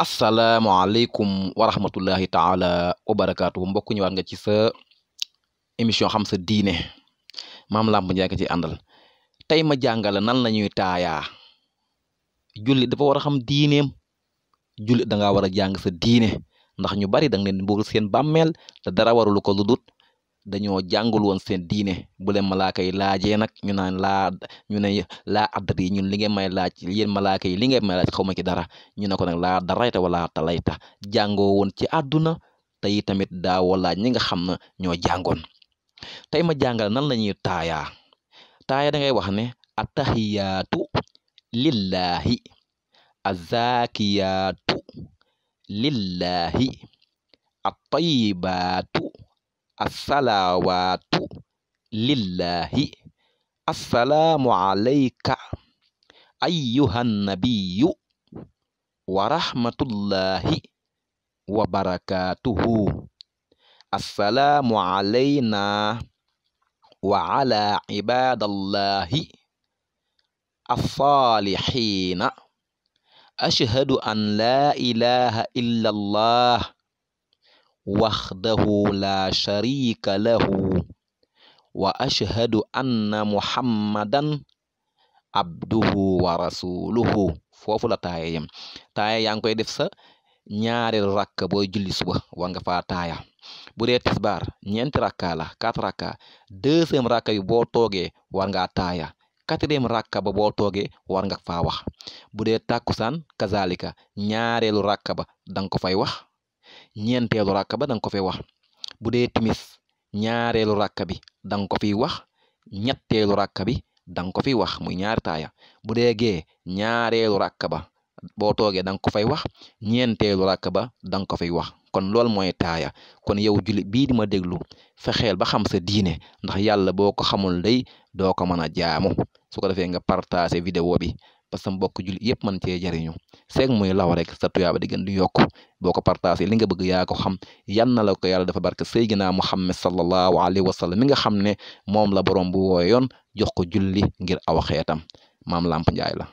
asalaamaaleykum wa rahmatullahi taala wa barakaatu mbokk ñëwaat nga ci sa émission xam sa diine maam làmb njaay nga ci àndal tey ma jàngale nan la ñuy taayaa jullit dafa war a xam diineem jullit danga ngaa war a jàng sa diine ndax ñu bari da nga leen di mbugal seen bàmmeel te dara warulu ko lu dut dañoo jàngul woon seen diine bu leen malaaka yi laajee nag ñu naan laa ñu ne laa addari ñun li ngeen may laaj yéen malaaka yi li ngeen may laaj xaw ma dara ñu ne ko nag laa darayta wala talayta jàngoo woon ci àdduna te tamit daawoo laaj ñi nga xam ne ñoo jàngoon tey ma jàngal nan la ñuy taayaa taaya da ngay wax ne attahiyaatu lillahi azaakiyaatu lillahi attayibaatu assalawaatu lillahi assalaamu alayka ayyuhannabiyu wa rahmatullahi wa barakaatuhu assalaamu alayna wa ala ibadallahi assaalihiina ashhadu an laa ilaha illa allah وحده لا شريك له واشهد ان محمدا abduhu wa rasuluhu foofu la taaya yem taaya yaa ngi koy def sa ñaari rakk booy julli suba war nga faa taaya bu dee tisbaar ñeenti rakka la quatre rakka deuxième rakka bi boo toogee war ngaa taaya quatrième rakka ba boo toogee war nga faa wax bu dee san kazalika ñaareelu rakka ba danga ko fay wax ñeenteelu rakk ba da nga ko fay wax bu dee timis ñaareelu rakk bi da ko fiy wax ñetteelu rakk bi da ko fiy wax muy ñaari taaya bu dee gee ñaareelu rakk ba boo toogee da ko fay wax ñeenteelu rakk ba da ko fiy wax kon loolu mooy taaya kon yow jullit bii di ma déglu fexeel ba xam sa diine ndax yàlla boo ko xamul day doo ko mën a jaamu su ko defee nga partagé vidéo bi parce que mbokk jullit yëpp man cee jariñu seeg muy law rek sa tuyaaba di gën di yokk boo ko partagé li nga bëgg yaa ko xam yan na la ko yàlla dafa barke Seydina Muhammad sallallahu alayhi wa sallam mi nga xam ne moom la borom bu wooyoon jox ko julli ngir aw xeetam maam Lamp Njaay la